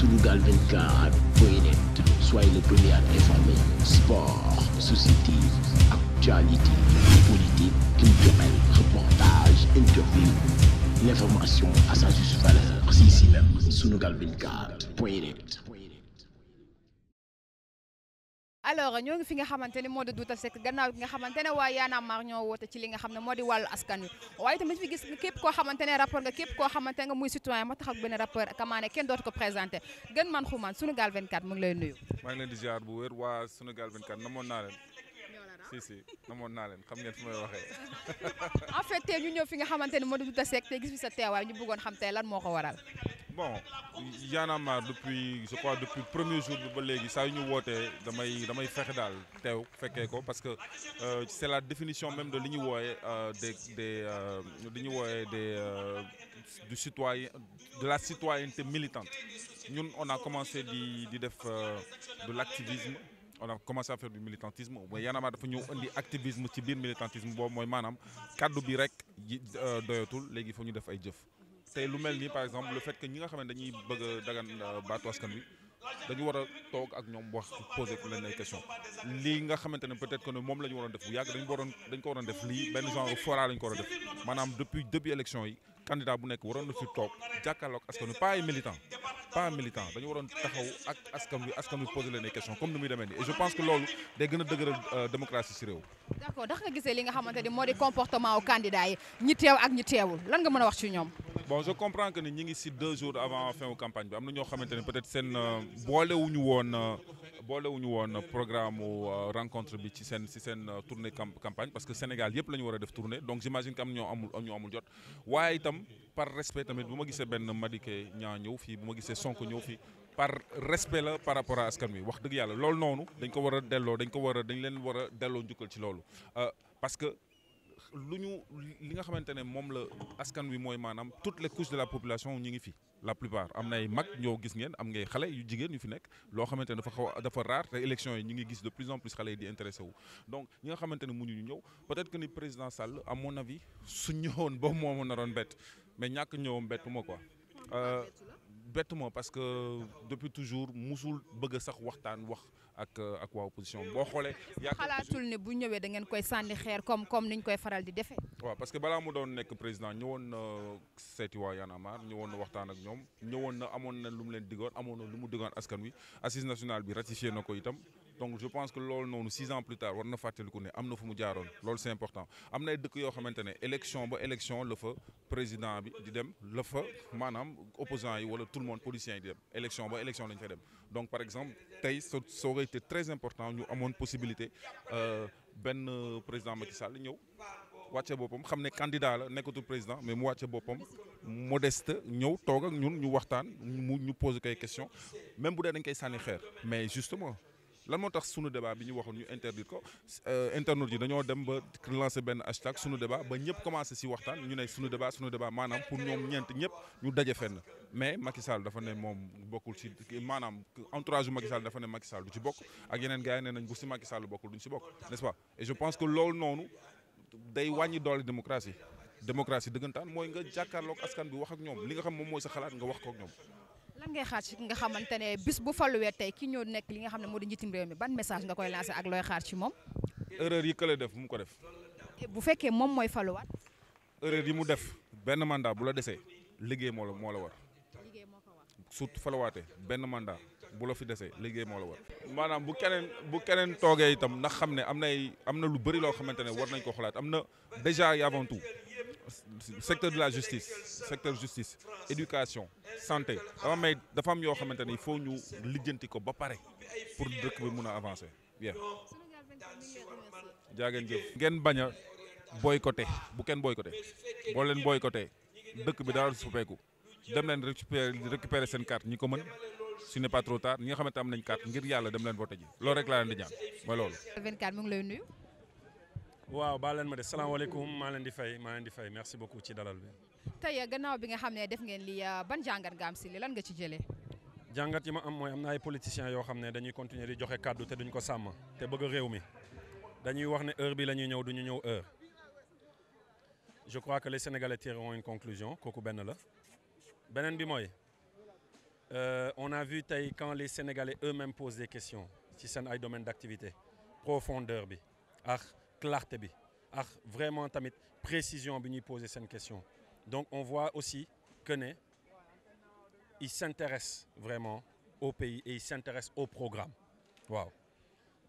sunugal24.net soyez le premier à informer sport société actualité politique culturel reportage interview l'information à sa juste valeur c'est ici même sunugal24.net alors ñoo ngi fi nga xamante ni moo di Douta Seck gannaaw nga xamante ne waa Y'en a marre ñoo woote ci li nga xam ne moo di wàllu askan wi waaye tamit fi gis képp koo rapport nga képp koo xamante nga muy citoyen ma taxaw benn rapport kamaane kenn dootu ko présenté gën man xumaan Sunugal 24 mu ngi lay nuyu maa ngi di ziar bu wér waa Sunugal 24 namoon naa leen si si namoon naa leen xam ngeen fi may waxee en fait tey ñu ñëw fi nga xam bon Y'en depuis je crois depuis premier jour bi ba léegi saa yu ñu wootee damay damay fexe daal teew fekkee ko parce que euh, c'est la définition même de li ñu wooyee euh, des des euh, li ñu wooye de du citoyen de la citoyenneté militante ñun on a commencé di di def de l'activisme on a commencé à faire du militantisme mais Y'en a dafa ñëw indi activisme ci biir militantisme boobu mooy maanaam kàddu bi rek doyatul léegi fa ñu def ay jëf tey lu mel nii par exemple le fait que ñi nga xam ne dañuy bëgg a dagan euh, baatu askan wi dañu war toog ak ñoom wax poser ku leen ay question lii nga xamante ne peut-être que ne moom la ñu waroon def bu yàgg dañ ko waroon dañ ko waroon def lii benn genre fora la ñu ko waroon def maanaam depuis depuis élection yi candidat bu nekk waroon na fi toog jàkkaarloog askan wi pas ay militant pas militant dañu waroon taxaw ak askan wi askan wi poser leen question comme ni muy demee nii et je pense que loolu euh, nga gisee li nga moo di comportement a wax ci bon je comprends que ni ñi ngi si deux jours avant fin wu campagne bi am na ñoo xamante ne peut-être seen euh, boolewuñu woon euh, boolewuñu woon euh, programme rencontre bi ci seen si seen tournée campagne parce que Sénégal yëpp lañu ñu war a def tournée donc j'imagine que am ñoo amul jot waaye itam par respect tamit bu ma gisee benn Madické ñaa ñëw fii bu ma gisee Sonko ñëw fii par respect la par rapport à askan wi wax dëgg yàlla loolu noonu dañ ko war a delloo dañ ko war a dañ leen war a delloo njukkal ci loolu lu ñu li nga xamante ne moom la askan wi mooy maanaam toutes les couches de la population ñu ngi fi la plupart am na ay mag ñoo gis ngeen am ngay xale yu jigéen yu fi nekk loo xamante ne dafa xaw a dafa rare te élection yi ñu ngi gis de plus en plus xale yi di intéressé wu donc ñi nga xamante ne mënuñu ñëw peut-être que ni président Sall à mon avis su ñëwoon ba moomu naroon bett mais ñàkk ñëwam bettu ma quoi euh, bett parce que depuis toujours musul bëgg a sax waxtaan wax ak euh, ak waa opposition boo xoolee. yaa xalaatul ne bu ñëwee da ngeen koy sànni xeer comme comme niñ koy faral di defee. waaw parce que balaa mu doon nekk président ñëwoon na euh, seeti waa Y'en a marre ñëwoon na waxtaan ak ñoom ñëwoon na amoon na lu mu leen digoon amoon na lu mu digoon askan wi assise nationale bi ratifié na ko itam. donc je pense que loolu noonu six ans plus tard war na fàttaliku ne am na fu mu jaaroon loolu c'est important am na ay dëkk yoo xamante ne élection ba élection la fa président bi di dem la fa maanaam opposants yi wala tout le monde politiciens yi di dem élection ba élection la ñu dem donc par exemple tey sa ça aurait été très important ñu amoon possibilité euh, benn président Macky Sall ñëw wàcce boppam xam ne candidat la nekkatu président mais mu wàcce boppam modeste ñëw toog ak ñun ñu waxtaan mu ñu poser koy question même bu dee dañ koy sànni xeer mais justement lan moo tax sunu débat bi ñu waxoon ñu interdire ko euh, internautes yi dañoo dem ba lancer benn hashtag sunu débat ba ñëpp commencé si waxtaan ñu ne sunu débat sunu débat maanaam pour ñoom ñeent ñëpp ñu daje fenn mais Macky Sall dafa ne moom bokkul si maanaam entourage bu Macky Sall dafa ne Macky Sall du ci bokk ak yeneen gars yi ne nañ bu si Macky Sall bokkul duñ si bokk n'est-ce pas et je pense que loolu noonu day wàññi doole démocratie démocratie dëggantaan mooy nga jàkkaarloog askan bi wax ak ñoom li nga xam moom mooy sa xalaat nga wax ko ak lan ngay xaar ci ki nga xamante ne bis bu faluwee tey ki ñëw nekk li nga xam ne moo di njiitum réew mi ban message nga koy lancé ak looy xaar ci moom. erreur yi kële def bu mu ko def. bu fekkee moom mooy faluwaat. erreur yi mu def benn mandat bu la desee liggéey moo la moo la war. liggéey moo surtout faluwaatee benn mandat bu la fi desee liggéey moo la war. maanaam bu keneen bu keneen toogee itam ndax xam ne am nay am na lu bëri loo xamante ne war nañ ko xalaat am na déjà avant tout. secteur de la justice secteur justice éducation santé dama may dafa am yoo xamante ni foo ñu lijjanti ko ba pare pour dëkk bi mun a avancer bien. jaageen jëf ngeen bañ a boycotter bu kenn boycotter boo leen boycotter dëkk bi daal suppeeku dem leen récupérer récupérer seen carte ñi ko mën. su n'est pas trop tard ñi nga xamante am nañ carte ngir yàlla dem leen voté ji loolu rek laa leen di ñaan loolu. waaw baal leen ma de salaamaaleykum maa leen di fay maa leen di fay merci beaucoup ci dalal bi. tey euh, gannaaw bi nga xam ne def ngeen li euh, ban jàngat nga am si lan nga ci jëlee. jàngat yi ma am mooy am na ay politiciens yoo xam ne dañuy continuer di joxe kàddu te duñ ko sàmma te bëgg réew mi dañuy wax ne heure bi la ñëw duñu ñëw heure. je crois que les Sénégalais tireront une conclusion kooku benn la beneen bi mooy euh, on a vu tey quand les Sénégalais eux-mêmes posent ci seen ay domaines d'activité profondeur bi ah. clarté bi ak vraiment tamit précision bi ñuy poser seen question donc on voit aussi que ne il s'intéresse vraiment au pays et il s'intéresse au programme waaw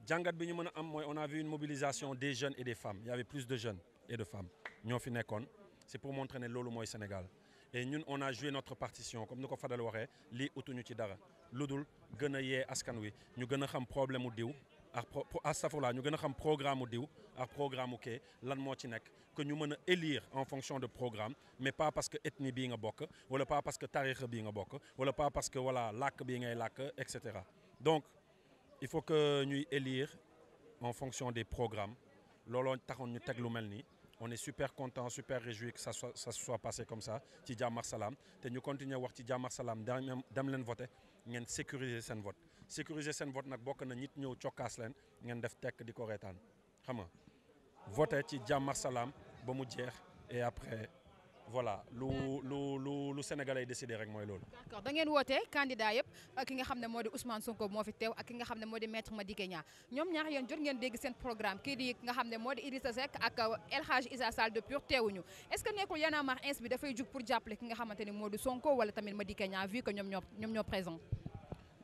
jàngat bi ñu mën am mooy on a vu une mobilisation des jeunes et des femmes il y avait plus de jeunes et de femmes ñoo fi nekkoon c'est pour montrer ne loolu mooy Sénégal et ñun on a joué notre partition comme ni ko Fadel waxee lii ñu ci dara lu dul gën a yee askan wi ñu gën a xam problème mu diw ak pro astafurlah ñu gën a xam programme mu diw ak programme mu kee lan moo ci nekk que ñu mën a élire en fonction de programme mais pas parce que ethnie bii nga bokk wala pas parce que tarixa bii nga bokk wala pas parce que voilà làkk bii ngay làkk et cetera donc il faut que ñuy élire en fonction des programmes looloo taxoon ñu teg lu mel nii on est super content super réjoui que ça soit ça soit passé comme ça ci jàmm salaam te ñu continuer wax ci jàmmar ak salaam dem leen voté ngeen sécuriser seen vote sécuriser seen vote nag bokk na nit ñëw cokkaas leen ngeen def tekk di ko reetaan xam nga voté ci jàmm ak salaam ba mu jeex et après voilà lu lu lu lu sénégalais yi décidé rek mooy loolu. d'accord woote candidat yëpp ki nga xam ne moo di Ousmane Sonko moo fi teew ak ki nga xam ne moo di maître Madické Niang ñoom ñaar yéen jot ngeen dégg seen programme kii nga xam ne moo di Idrissa Seck ak El Hadj Issa Sall de Pur teewuñu est que nekkul Y'en a marre ins bi dafay jug pour ki nga xamante ni moo di Sonko wala tamit Madické Niang vu que ñoom ñoo ñoom ñoo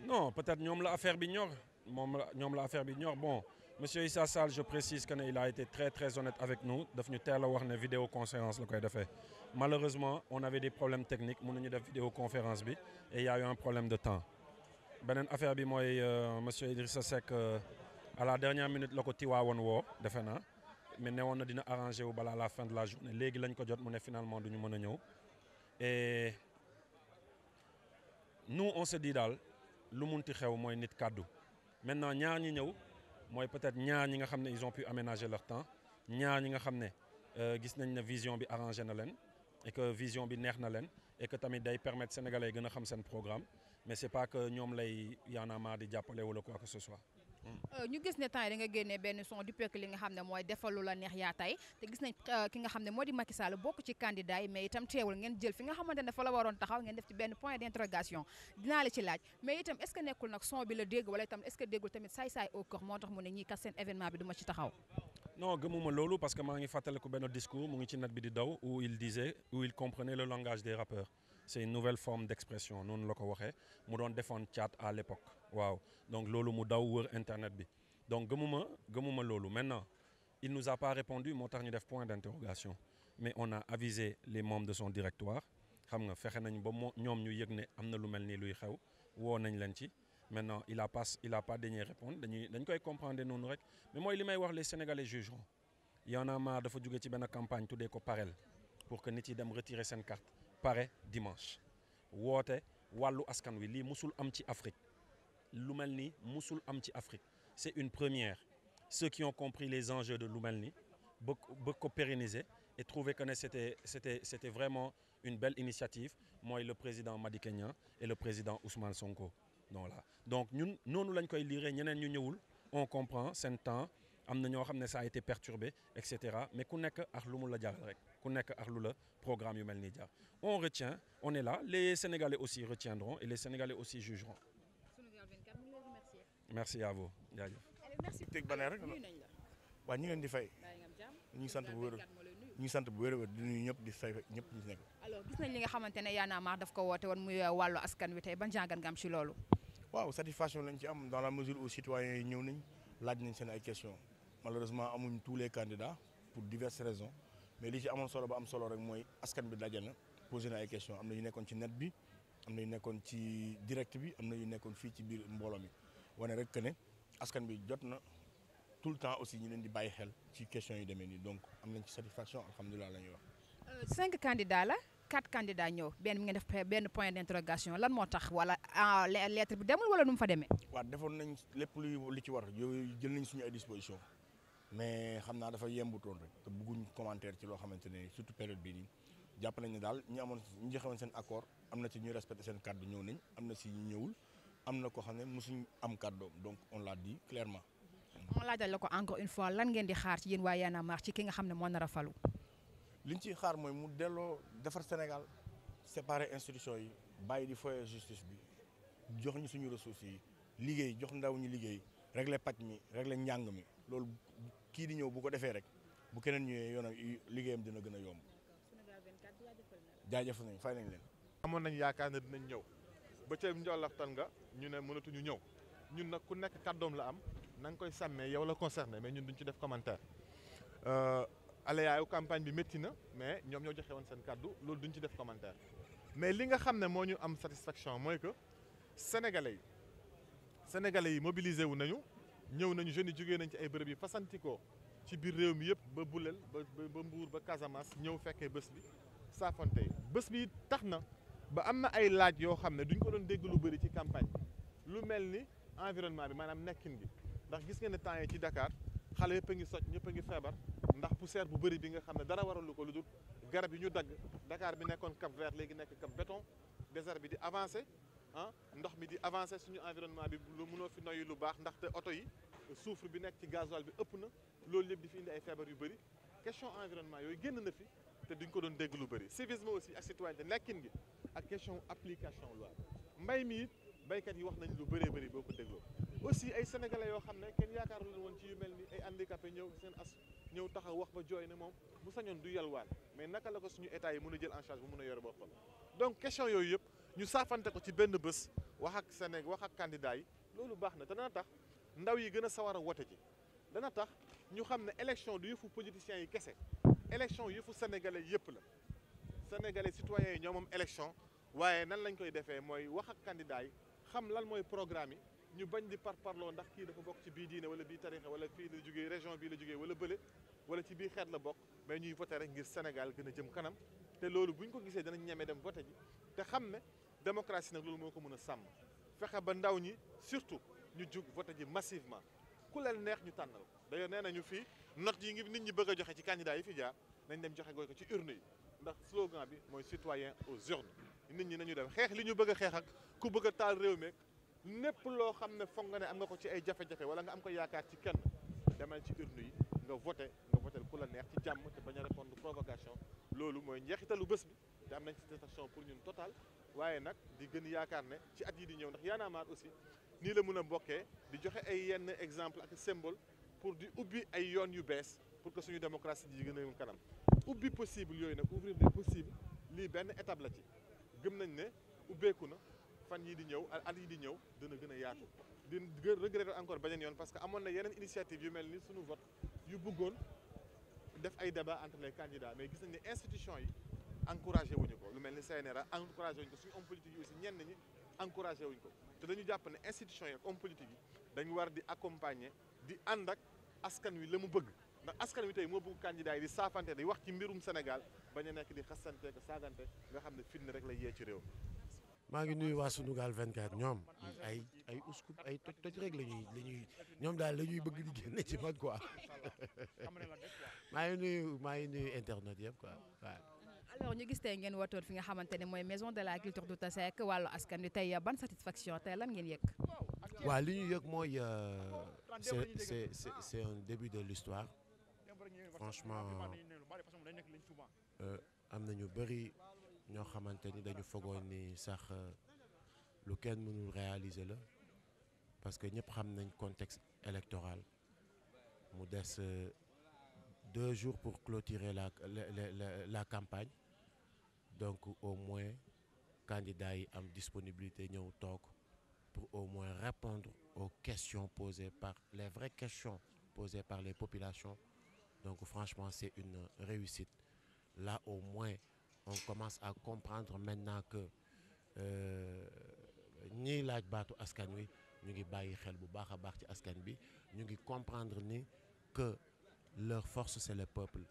non peut-être ñoom la affaire bi ñor moom ñoom la affaire bi ñor bon monsieur Issa Sall je précise que ne il a été très très honnête avec nous daf ñu teel a wax ne vidéoconférence la koy defee malheureusement on avait des problèmes techniques mënuñu def vidéoconférence bi et il y a eu un problème de temps beneen affaire bi mooy euh, monsieur Idrissa Seck euh, à la dernière minute la ko tiwaawoon woo defe na mais ne woon na dina arrangé wu balaa la fin de la journée léegi lañ ko jot mu ne finalement du ñu mën a ñëw daal. lu munti xew mooy nit kàddu maintenant ñaar ñi ñëw mooy peut-être ñaar ñi nga xam ne ils ont pu aménager leur temps ñaar ñi nga xam ne euh, gis nañ ne vision bi arrangé na leen et vision bi neex na leen et tamit day permettre ay gën a xam seen programme mais c'est pas que ñoom lay yaanaamaa di jàppale wala quoi que ce Euh, ñu gis ne temps yi da nga benn son du peuple li nga xam ne mooy defalu la neex yaa tey te gis nañ euh, ki nga xam ne moo di Macky Sall bokk ci candidat yi mais itam teewul ngeen jël fi nga xamante ne fa la waroon taxaw ngeen def ci benn point d'interrogation dinaa la ci laaj mais itam est-ce que nekkul nag son bi la dégg wala itam est-ce moo tax mu ne ñii kat seen événement bi du ma ci taxaw non gëmuma loolu parce que maa ngi fàttaliku benn discours mu ngi ci net bi di daw où il disait où il comprenait le langage noonu la ko waxee mu doon defoon chat à l'époque waaw donc loolu mu daw wër internet bi donc gëmuma gëmuma loolu maintenant il nous a pas répondu moo tax ñu def point d'interrogation mais on a avisé les membres de son directoire xam nga fexe nañu ba moo ñoom ñu yëg ne am na lu mel nii luy xew woo nañ leen ci maintenant il a pas il a pas daigné répondre dañuy dañ koy comprendre noonu rek mais mooy li may wax les sénégalais jugeront Y en a dafa jóge ci benn campagne dee ko parel pour que nit yi dem retirer seen carte pare dimanche woote wàllu askan wi lii musul am ci Afrique lu mel ni musul am ci Afrique c'est une première ceux qui ont compris les enjeux de lu mel ni bëgg bëgg ko pérenniser et trouver que ne c'était c'était c'était vraiment une belle initiative mooy le président Madické Niang et le président Ousmane Sonko donc là donc ñun noonu lañ koy lire ñeneen ñu ñëwul on comprend seen temps am na ñoo xam ne ça a été perturbé et cetera mais ku nekk ak lu mu la jaral rek ku nekk ak lu la programme yu mel nii jar on retient on est là les Sénégalais aussi retiendront et les Sénégalais aussi jugeront merci à vous jaajëf. teg banee rek waaw ñu ngeen di fay. ñu ngi sant bu wér ñu ngi sant bu wér wér di nuyu ñëpp di fay ñëpp di nekk. alors gis nañ li nga xamante ne Y'en a marre daf ko woote woon muy euh, wàllu askan wi tey ban jàngat nga am ci loolu. waaw satisfaction lañ ci am dans la mesure où citoyens yi ñëw nañ laaj nañ seen ay question malheureusement amuñ tous les candidats pour diverses raison mais li ci amoon solo ba am solo rek mooy askan bi daje na posé na ay question am na ñu nekkoon ci net bi am na nekkoon ci direct bi am na ñu nekkoon fii ci biir mbooloo mi. wane rek que ne askan bi jot na tout le temps aussi ñu leen di bàyyi xel ci question yi demee nii donc am nañ ci satisfaction alhamdulilah la ñuy wax. Euh, cinq candidats la quatre candidats ñëw benn mi nga def benn point d'interrogation lan moo tax wala lettre bi demul wala nu mu fa demee. waa defoon nañ lépp luy li ci war yooyu jël nañ suñu ay disposition mais xam naa dafa yembutoon rek te bëgguñ commentaire ci loo xamante ne surtout période bi nii jàpp nañ daal ñi amoon ñi seen accord am na ci ñuy respecté seen kàddu ñëw nañ am na si ñëwul. am na ko xam ne mosuñ am kàddoom donc on l'a dit clairement. moo laajal la ko encore une fois lan ngeen di xaar ci yéen waa Y'en a marre ci ki nga xam ne moo nar a falu. liñ ciy xaar mooy mu delloo defar Sénégal séparer institution yi bàyyi di foyer justice bi jox ñu suñu ressources yi liggéey jox ndaw ñu liggéey régler paj mi régler njàng mi loolu kii di ñëw bu ko defee rek bu keneen ñëwee yoonam liggéeyam dina gën a yomb. jaajëf nañ fay nañ leen. amoon nañ yaakaar ne dinañ ñëw. ba ca njolaxtan nga ñu ne mënatuñu ñëw ñun nag ku nekk kàddoom la am nang koy sàmmee yow la concerné mais ñun duñ ci def commentaire euh, aléyaayu campagne bi métti na mais ñoom ñoo joxe woon seen kàddu loolu duñ ci def commentaire mais li nga xam ne moo ñu am satisfaction mooy que sénégalais yi sénégalais yi mobilisé wu nañu ñëw nañu jeunes yi jógee nañ ci ay bërëb yi fasantikoo ci biir réew mi yëpp ba Boulel ba ba Mbour ba Casamance ñëw fekkee bés bi saafonte bés bi tax na ba am na ay laaj yoo xam ne duñ ko doon dégg lu bëri ci campagne bi lu mel ni environnement bi maanaam nekkin gi ndax gis ngeen ne temps yi ci dakaar xale yëpp ngi soj ñëpp ngi feebar ndax poussière bu bëri bi nga xam ne dara waralu ko lu dul garab yi ñu dagg Dakar bi nekkoon Cap Vert léegi nekk Cap Béton désert bi di avancé ah ndox mi di avancé suñu environnement bi lu mënoo fi noyyi lu baax ndaxte oto yi soufre bi nekk ci gasoil bi ëpp na loolu yëpp di fi feebar yu bëri question environnement yooyu génn na fi te duñ ko doon dégg lu bëri civisme aussi ak nekkin gi ak question application loi mbay mi it béykat yi wax nañu lu bëree bëri boo ko dégloo aussi ay sénégalais yoo xam ne kenn yaakaaru leen woon ci yu mel ni ay handicapé ñëw seen as ñëw taxaw wax ba jooy ne moom mu sañoon du yalwaan mais naka la ko suñu état yi mun a jël en charge bu mën a yore boppam donc question yooyu yëpp ñu saafante ko ci benn bés wax ak Séné wax ak candidat yi loolu baax na te dana tax ndaw yi gën a sawar a wote ci dana tax ñu xam ne élection du yëfu politiciens yi kese élection yëfu sénégalais yëpp la sénégalais citoyens yi ñoo moom élection waaye nan lañ koy defee mooy wax ak candidat yi xam lan mooy programme yi ñu bañ di par parparloo ndax kii dafa bokk ci bii diine wala bii tarixa wala fii la jógee région bii la jógee wala bële wala ci bii xeet la bokk mais ñuy voté rek ngir Sénégal gën a jëm kanam te loolu bu ñu ko gisee danañ ñeme dem voté ji te xam ne démocratie nag loolu moo ko mën a sàmm fexe ba ndaw ñi surtout ñu jug voté ji massivement ku leen neex ñu tànnal d'ailleurs nee nañu fii note yi ngi nit ñi bëgg a joxe ci candidat yi fi jaar nañ dem joxe gooy ci urne ndax slogan bi mooy citoyen aux urnes nit ñi nañu dem xeex li ñu bëgg a xeex ku bëgg taal réew mi népp loo xam ne foog nga ne am nga ko ci ay jafe-jafe wala nga am ko yaakaar ci kenn demal ci urne yi nga voté nga voté ku la neex ci jàmm te bañ a répondre provocation loolu mooy njeexitalu bés bi te am nañ satisfaction pour ñun total waaye nag di gën yaakaar ne ci at yi di ñëw ndax Y'en a marre aussi nii la mën a bokkee di joxe ay yenn exemple ak symbole pour di ubbi ay yoon yu bees pour que suñu démocratie ji gën a kanam ubbi possible yooyu nag ouvrir des lii benn étape la ci gëm nañ ne ubbeeku na fan yi di ñëw at yi di ñëw dana gën a yaatu di regretter encore beneen yoon parce que amoon na yeneen initiative yu mel ni sunu vote yu buggoon def ay débat entre yi daal mais gis nañ ne institution yi wu wuñu ko lu mel ni CNRA encouragé wuñu ko suñu homme politique yi aussi ñenn ñi encouragé wuñu ko te dañu jàpp ne institution yi ak homme politique yi dañu war di accompagner di ànd ak askan wi la mu bëgg ndax askan wi tey moo bëgg candidat yi di saafante di wax ci mbirum Sénégal bañ a nekk di xasante ko saagante nga xam ne fitna rek lay yee ci réew maa ngi nuyu waa Sunugal 24 ñoom ay ay uskub ay toj toj rek la ñuy la ñuy ñoom daal la ñuy bëgg di génne ci man quoi maa ngi nuyu maa ngi nuyu internet yëpp quoi waaw. alors ñu gis tey ngeen wootoon fi nga xamante ne mooy maison de la culture du Tasek wàllu askan wi tey ban satisfaction tey lan ngeen yëg. waa li ñu yëg mooy euh, c'est c'est c'est un début de l'histoire franchement euh, euh, am na ñu bëri ñoo xamante ni dañu fogoon ni sax euh, lu kenn mënul réaliser la parce que ñëpp xam nañ contexte électoral mu des deux jours pour clôturer la la la la campagne donc au moins candidats yi am disponibilité ñëw toog pour au moins répondre aux questions posées par les vraies questions posées par les populations Donc franchement, c'est une réussite. Là, au moins, on commence à comprendre maintenant que ñiy euh, laaj baatu askan wi ñu ngi bàyyi xel bu baax a baax ci askan bi ñu ngi comprendre ni que leur force c'est le peuple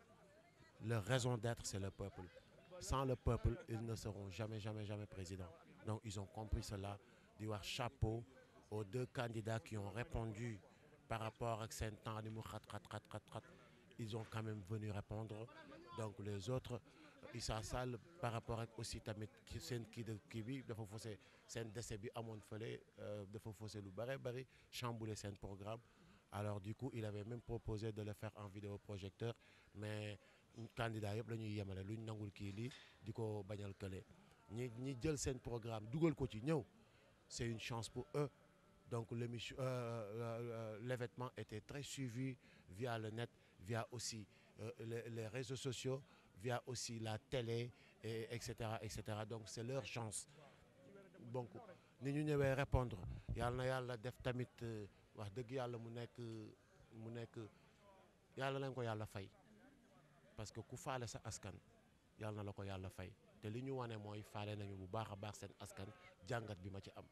leur raison d'être c'est le peuple sans le peuple ils ne seront jamais jamais jamais président donc ils ont compris cela di wax chapeau aux deux candidats qui ont répondu par rapport ak seen temps ni mu xat xat xat xat xat ils ont quand même venu répondre donc les autres Issa Sall par rapport ak aussi tamit seen kii de kii bi dafa faussé seen décès bi amoon fële euh, dafa faussé lu bëri bëri chamboulé seen programme alors du coup il avait même proposé de le faire en vidéoprojecteur mais candidat yëpp la ñuy yemale lu ñu nangul kii lii di ko bañal kële ñi ñi jël seen programme dugal ko ci ñëw c'est une chance pour eux donc l'émission euh, euh, euh l'événement était très suivi via le net via aussi euh, les, les, réseaux sociaux, via aussi la télé, et, etc., etc. Donc c'est leur chance. Donc, ni ñu ñëwee répondre yàlla na yàlla def tamit euh, wax dëgg yàlla mu nekk mu nekk yàlla nañ ko yàlla fay parce que ku faale sa askan yàlla na la ko yàlla fay te li ñu wane mooy faale nañu bu baax a baax seen askan jàngat bi ma ci am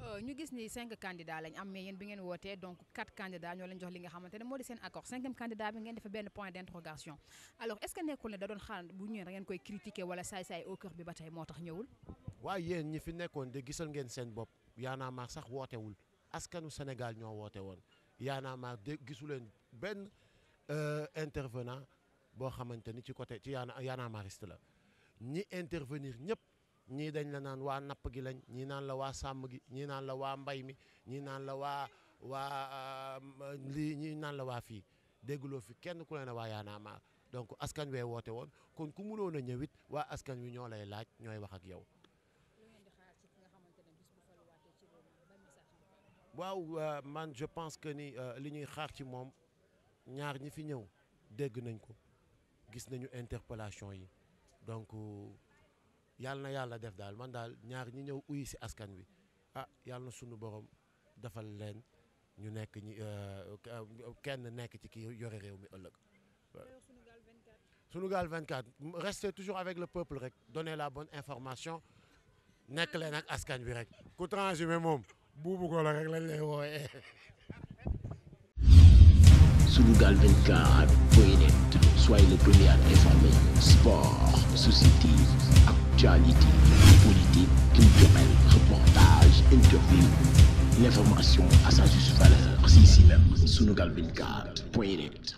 Euh, ñu gis ni cinq candidats lañ am mais yéen bi ngeen wootee donc quatre candidats ñoo leen jox li nga xamante ne moo di seen accord cinquième candidat bi ngeen defee benn point d' alors est que nekkul ne da doon xaar bu ñëwee da koy critiquer wala saay-saay au bi ba tey moo tax ñëwul. waaye yéen ñi fi nekkoon de gisal ngeen seen bopp yaanaa maar sax wootewul askanu Sénégal ñoo woote woon yaanaa maar de gisu leen benn euh, intervenant boo xamante ni ci côté ci yaana yaanaa maariste la ñi intervenir ñëpp. ñii dañ la naan waa napp gi lañ ñii naan la waa sàmm gi ñii naan la waa mbay mi ñii naan la waa waa euh, lii ñii naan la waa fii dégguloo fi kenn ku leen a waa yaanaa maa donc askan wee woote woon kon ku mënoon ñëwit waa askan wi ñoo lay laaj ñooy wax ak yow. waaw euh, man je pense que ni euh, li ñuy xaar ci moom ñaar ñi fi ñëw dégg nañ ko gis nañu interpellation yi donc. yàlla na yàlla def daal man daal ñaar ñi ñëw uyu si askan wi ah yàlla na borom defal leen ñu nekk ñi euh, kenn nekk ci kii yore réew mi ëllëg. Sunugal 24 restez toujours avec le peuple rek donnez la bonne information nekk leen ak askan wi rek. ku transhumé moom buubu ko la rek lañ lay wooyee. Soyez le premier à être informé. Sport, société, actualité, politique, culturelle, reportage, interview. L'information à sa juste valeur. C'est ici même, sunugal24.net.